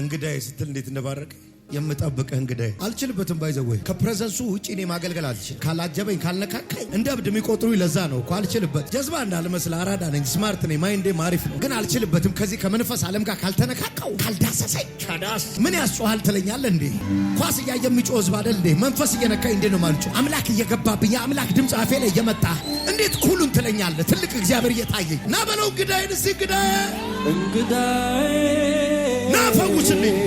እንግዳይ ስትል እንዴት እንደባረቀ የምጠብቅህ እንግዳዬ አልችልበትም። ባይዘወይ ከፕሬዘንሱ ውጭ እኔ ማገልገል አልችል። ካላጀበኝ ካልነካካኝ እንደ እብድ የሚቆጥሩ ለዛ ነው እኮ አልችልበት። ጀዝባ እንዳልመስል አራዳ ነኝ፣ ስማርት ነኝ፣ ማይንዴም ማሪፍ ነው፣ ግን አልችልበትም። ከዚህ ከመንፈስ ዓለም ጋር ካልተነካካው ካልዳሰሰኝ ዳስ ምን ያስጮሃል ትለኛለህ እንዴ? ኳስ እያየ የሚጮህ ህዝብ አይደል እንዴ? መንፈስ እየነካኝ እንዴ ነው ማልጮ? አምላክ እየገባብኝ የአምላክ ድምፅ አፌ ላይ እየመጣ እንዴት ሁሉን ትለኛለህ? ትልቅ እግዚአብሔር እየታየኝ ና በለው እንግዳዬን እስኪ እንግዳይ እንግዳዬ ፈውስልኝ።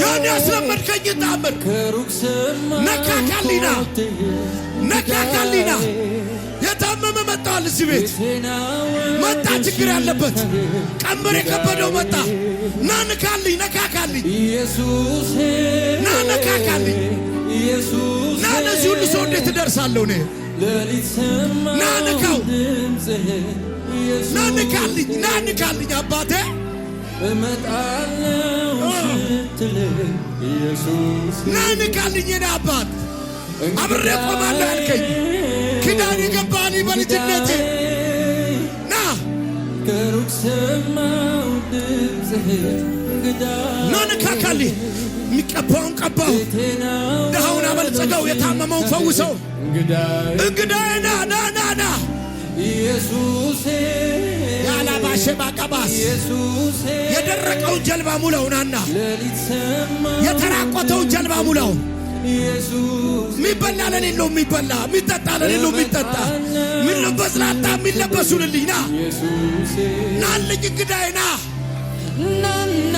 ያን ያስለመድከኝ ጣመር ነካ ካሊና የታመመ መጣል እዚህ ቤት መጣ። ችግር ያለበት ቀንበር የከበደው መጣ። ና ንካልኝ፣ ነካ ካሊኝ፣ ና ነካ ና ለዚህ ሁሉ ሰው እንዴት እደርሳለሁ እኔ? ና ንካው፣ ና አባቴ እመጣለሁ ስትለኝ ኢየሱስ ና ንቃልኝ የኔ አባት አብሬ ቆማለሁ ያልከኝ ኪዳን የገባን በልጅነቴ ና ከሩቅ ሰማሁ ድምፅህን እንግዳ ና ንካካልኝ የሚቀባውን ቀባው ድሃውን አበልጸገው የታመመውን ፈውሰው እንግዳ ና ና ና ና ኢየሱሴ ሸባቀባስ የደረቀውን ጀልባ ሙለውናና የተራቆተውን ጀልባ ሙለው የሚበላ ለኔ የሚበላ የሚጠጣ ለኔ የሚጠጣ የሚለበስ ላጣ የሚለበሱልልኝ ና ናልኝ እንግዳይ ና ናና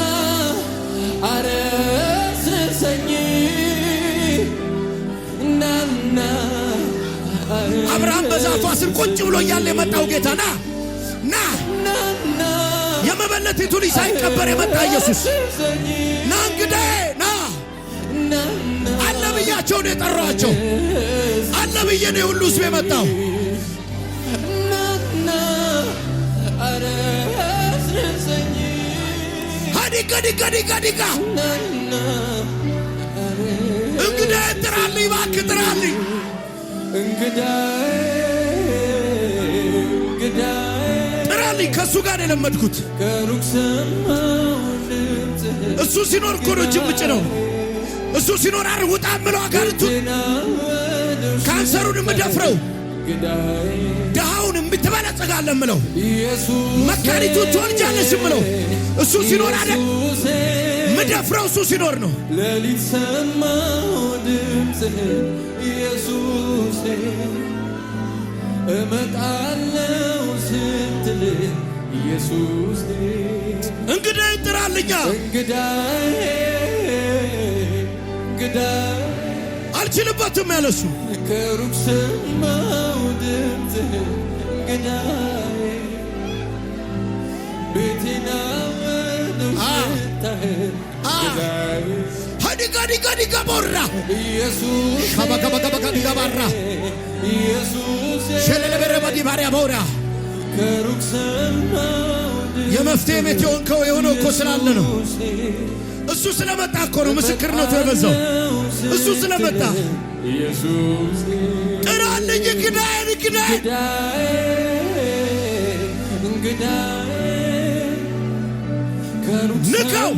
ናና አብርሃም ስር ቁጭ ብሎ እያለ የመጣው ጌታ ና ና የመበለቲቱ ልጅ ሳይቀበር የመጣ ኢየሱስ ና እንግዳዬ ና አለ ብያቸውን የጠራቸው አለ ብዬ እኔ ሁሉ ህዝብ የመጣው ዲጋ ዲጋ ዲጋ ዲጋ እንግዳ ጥራልኝ፣ እባክህ ጥራልኝ እንግዳ ስጸልይ ከእሱ ጋር የለመድኩት እሱ ሲኖር እኮ ነው ጅምጭ ነው። እሱ ሲኖር አር ውጣ ምለው አጋንንቱ ካንሰሩን የምደፍረው ድሃውን የምትበለጽጋለ ምለው መካኒቱ ትወልጃለሽ ምለው እሱ ሲኖር አደ ምደፍረው እሱ ሲኖር ነው። ሌሊት ሰማሁ ድምፅህን ኢየሱሴ እመጣለው ስትል ኢየሱስ እንግዳ ይጥራልኛ እንግዳ እንግዳ አልችልበትም ያለሱ ከሩቅ ሰማው ድምፅ እንግዳ ቤቴና ወደሽታህ ዲጋዲጋዲጋቦራ ሻባጋባጋባጋዲጋባራ ሸለለበረባዲባሪያ ቦራ የመፍትሄ ቤት የሆንከው የሆነው እኮ ስላለ ነው። እሱ ስለመጣ እኮ ነው ምስክርነቱ የበዛው። እሱ ስለመጣ ጥራልኝ ግዳይን ግዳይን ንካው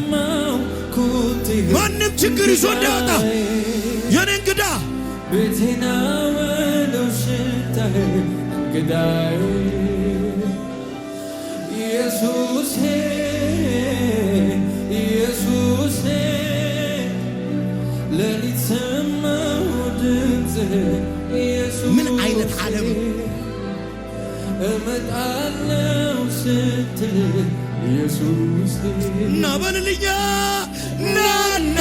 ማንም ችግር ይዞ እንዳያወጣ የኔ እንግዳ ኢየሱስ ኢየሱስ ሌሊት ሰማሁ ምን አይነት ዓለም እመጣለሁ ስትል ና በልልኛ ናና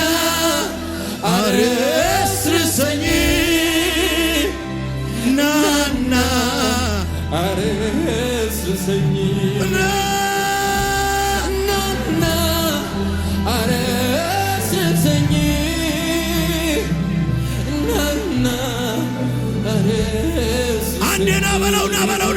አረስርሰኝ ናና አረስርሰኝ ናና በለው ና በለው